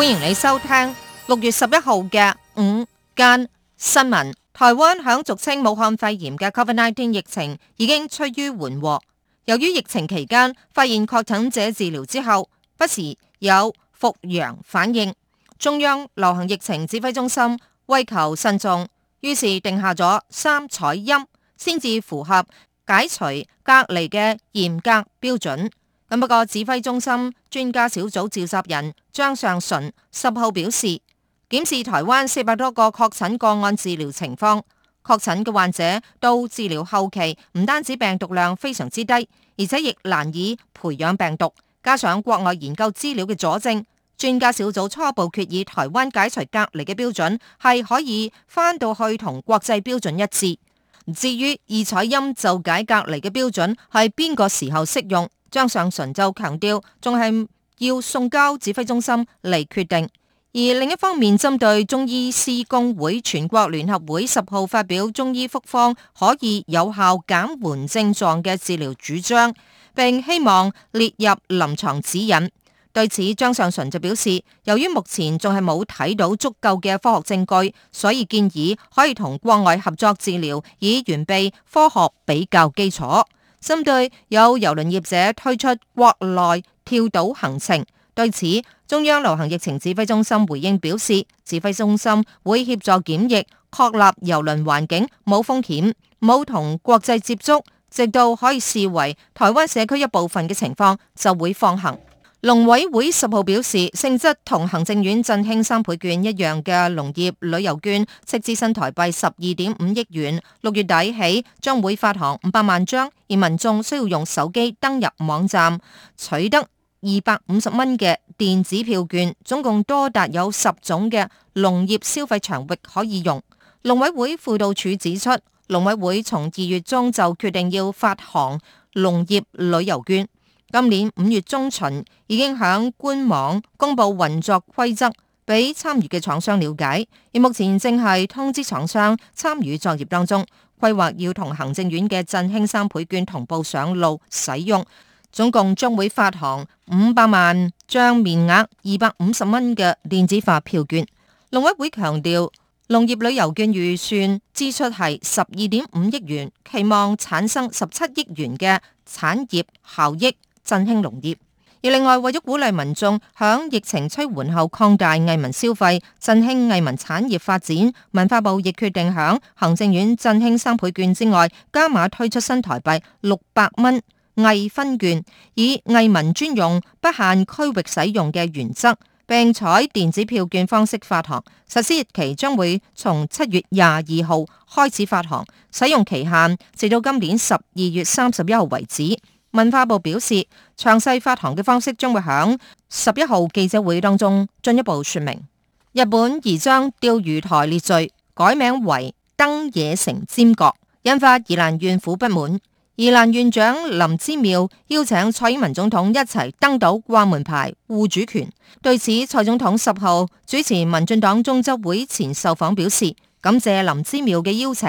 歡迎你收聽六月十一號嘅午間新聞。台灣響俗稱武漢肺炎嘅 Covid-19 疫情已經趨於緩和。由於疫情期間發現確診者治療之後，不時有復陽反應，中央流行疫情指揮中心為求慎重，於是定下咗三採陰，先至符合解除隔離嘅嚴格標準。咁不過，指揮中心專家小組召集人張上淳十號表示，檢視台灣四百多個確診個案治療情況，確診嘅患者到治療後期，唔單止病毒量非常之低，而且亦難以培養病毒。加上國外研究資料嘅佐證，專家小組初步決議，台灣解除隔離嘅標準係可以翻到去同國際標準一致。至於二採陰就解隔離嘅標準係邊個時候適用？張上淳就強調，仲係要送交指揮中心嚟決定。而另一方面，針對中醫師工會全國聯合會十號發表中醫複方可以有效減緩症狀嘅治療主張，並希望列入臨床指引。對此，張上淳就表示，由於目前仲係冇睇到足夠嘅科學證據，所以建議可以同國外合作治療，以完備科學比較基礎。針對有郵輪業者推出國內跳島行程，對此中央流行疫情指揮中心回應表示，指揮中心會協助檢疫，確立郵輪環境冇風險、冇同國際接觸，直到可以視為台灣社區一部分嘅情況就會放行。農委會十號表示，性質同行政院振興三倍券一樣嘅農業旅遊券，斥資新台幣十二點五億元，六月底起將會發行五百萬張，而民眾需要用手機登入網站取得二百五十蚊嘅電子票券，總共多達有十種嘅農業消費場域可以用。農委會輔導處指出，農委會從二月中就決定要發行農業旅遊券。今年五月中旬已經響官網公布運作規則，俾參與嘅廠商了解，而目前正係通知廠商參與作業當中，規劃要同行政院嘅振興三倍券同步上路使用，總共將會發行五百萬張面額二百五十蚊嘅電子發票券。農委會強調，農業旅遊券預算支出係十二點五億元，期望產生十七億元嘅產業效益。振興農業，而另外為咗鼓勵民眾響疫情趨緩後擴大藝文消費，振興藝文產業發展，文化部亦決定響行政院振興三倍券之外，加碼推出新台幣六百蚊藝 FUN 券，以藝文專用、不限區域使用嘅原則，並採電子票券方式發行。實施日期將會從七月廿二號開始發行，使用期限直到今年十二月三十一號為止。文化部表示，詳細發行嘅方式將會喺十一號記者會當中進一步說明。日本已將釣魚台列嶼改名為登野城尖閣，引發宜蘭縣府不滿。宜蘭縣長林姿妙邀請蔡英文總統一齊登島掛門牌護主權。對此，蔡總統十號主持民進黨中執會前受訪表示。感謝林之妙嘅邀請，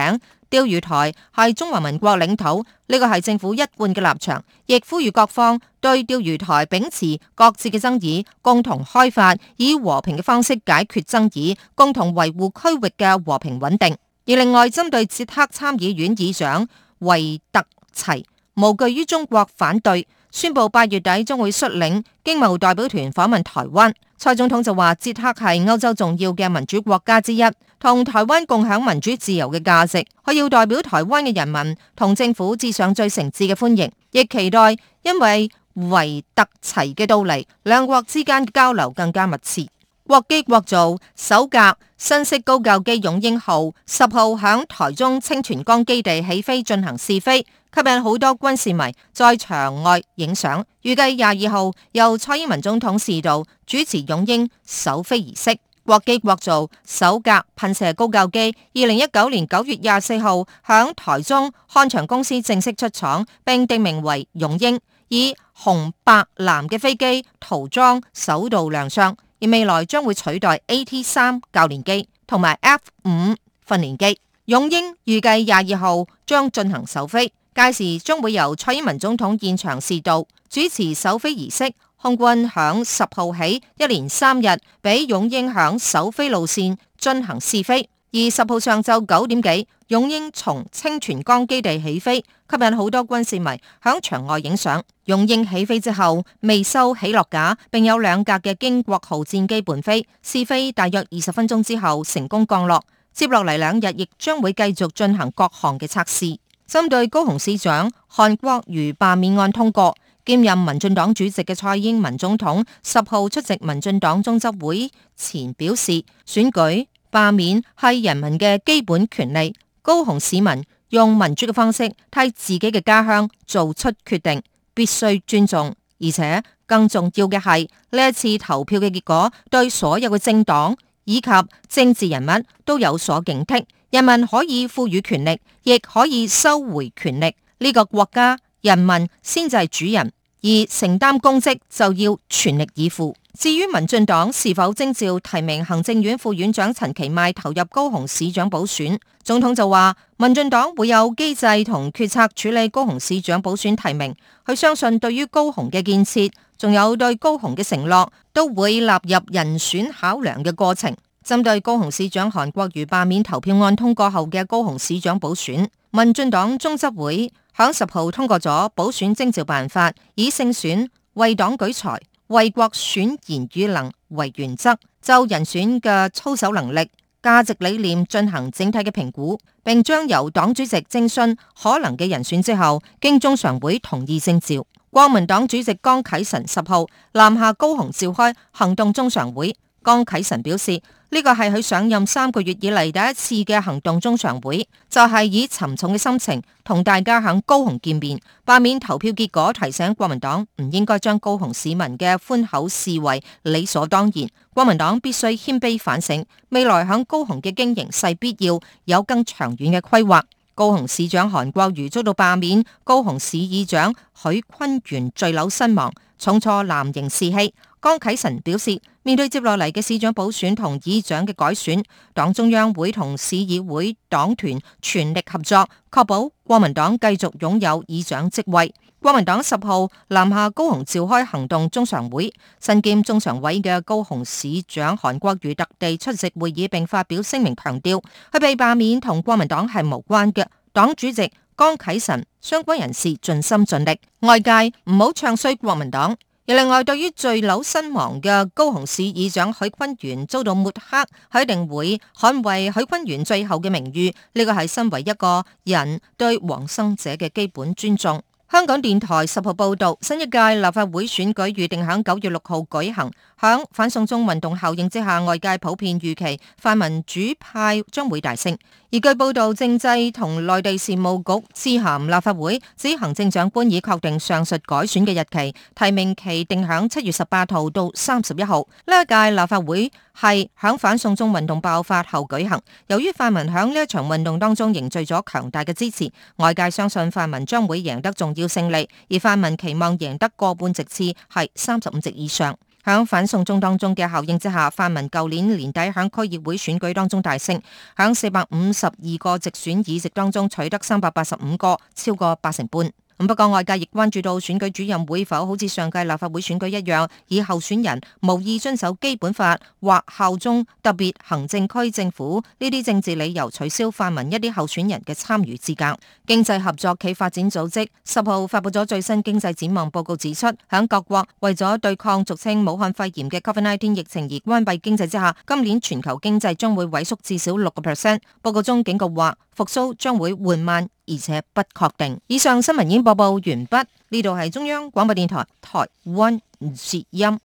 釣魚台係中華民國領土，呢個係政府一貫嘅立場，亦呼籲各方對釣魚台秉持各自嘅爭議，共同開發，以和平嘅方式解決爭議，共同維護區域嘅和平穩定。而另外，針對捷克參議院議長維特齊，無懼於中國反對，宣布八月底將會率領經貿代表團訪問台灣。蔡總統就話：捷克係歐洲重要嘅民主國家之一，同台灣共享民主自由嘅價值。佢要代表台灣嘅人民同政府致上最誠摯嘅歡迎，亦期待因為維特齊嘅到嚟，兩國之間交流更加密切。國機國造首架新式高教機勇鷹號十號，響台中清泉崗基地起飛進行試飛。吸引好多軍事迷在場外影相。預計廿二號由蔡英文總統視導主持勇鷹首飛儀式。國機國造首架噴射高教機，二零一九年九月廿四號響台中漢翔公司正式出廠並定名為勇鷹，以紅白藍嘅飛機塗裝首度亮相。而未來將會取代 AT-3 教練機同埋 F-5 訓練機。勇鷹預計廿二號將進行首飛。屆時將會由蔡英文總統現場試導主持首飛儀式，空軍響十號起一連三日俾勇鷹響首飛路線進行試飛。二十號上晝九點幾，勇鷹從清泉崗基地起飛，吸引好多軍事迷響場外影相。勇鷹起飛之後未收起落架，並有兩架嘅經國號戰機伴飛試飛，試飛大約二十分鐘之後成功降落。接落嚟兩日亦將會繼續進行各項嘅測試。針對高雄市長韓國瑜罷免案通過，兼任民進黨主席嘅蔡英文總統十號出席民進黨中執會前表示，選舉罷免係人民嘅基本權利，高雄市民用民主嘅方式替自己嘅家鄉做出決定，必須尊重。而且更重要嘅係，呢一次投票嘅結果對所有嘅政黨以及政治人物都有所警惕。人民可以賦予權力，亦可以收回權力。呢個國家人民先至係主人，而承擔公職就要全力以赴。至於民進黨是否徵召提名行政院副院長陳其邁投入高雄市長補選，總統就話：民進黨會有機制同決策處理高雄市長補選提名。佢相信對於高雄嘅建設，仲有對高雄嘅承諾，都會納入人選考量嘅過程。針對高雄市長韓國瑜罷免投票案通過後嘅高雄市長補選，民進黨中執會響十號通過咗補選徵召辦法，以勝選為黨舉才、為國選賢與能為原則，就人選嘅操守能力、價值理念進行整體嘅評估，並將由黨主席徵詢可能嘅人選之後經中常會同意徵召。國民黨主席江啟臣十號南下高雄召開行動中常會。江啟臣表示，呢、這個係佢上任三個月以嚟第一次嘅行動中常會，就係、是、以沉重嘅心情同大家響高雄見面。罷免投票結果提醒國民黨唔應該將高雄市民嘅寬厚視為理所當然，國民黨必須謙卑反省，未來響高雄嘅經營勢必要有更長遠嘅規劃。高雄市長韓國瑜遭到罷免，高雄市議長許崑源墜樓身亡，重挫藍營士氣。江啟臣表示。面對接落嚟嘅市長補選同議長嘅改選，黨中央會同市議會黨團全力合作，確保國民黨繼續擁有議長職位。國民黨十號南下高雄召開行動中常會，身兼中常委嘅高雄市長韓國瑜特地出席會議，並發表聲明強調，佢被罷免同國民黨係無關嘅。黨主席江啟臣相關人士盡心盡力，外界唔好唱衰國民黨。另外，對於墜樓身亡嘅高雄市議長許坤元遭到抹黑，佢一定會捍衛許坤元最後嘅名譽。呢個係身為一個人對往生者嘅基本尊重。香港電台十號報道，新一屆立法會選舉預定喺九月六號舉行。響反送中運動效應之下，外界普遍預期泛民主派將會大勝。而據報道，政制同內地事務局致函立法會，指行政長官已確定上述改選嘅日期，提名期定喺七月十八號到三十一號。呢一屆立法會係響反送中運動爆發後舉行，由於泛民喺呢一場運動當中凝聚咗強大嘅支持，外界相信泛民將會贏得重要。要勝利，而泛民期望贏得過半席次，係三十五席以上。響反送中當中嘅效應之下，泛民舊年年底響區議會選舉當中大勝，響四百五十二個直選議席當中取得三百八十五個，超過八成半。不過外界亦關注到，選舉主任會否好似上屆立法會選舉一樣，以候選人無意遵守基本法或效忠特別行政區政府呢啲政治理由取消泛民一啲候選人嘅參與資格。經濟合作暨發展組織十號發佈咗最新經濟展望報告，指出響各國為咗對抗俗稱武漢肺炎嘅 COVID-19 疫情而關閉經濟之下，今年全球經濟將會萎縮至少六個 percent。報告中警告話，復甦將會緩慢。而且不確定。以上新聞已經播報完畢，呢度係中央廣播電台台灣之音。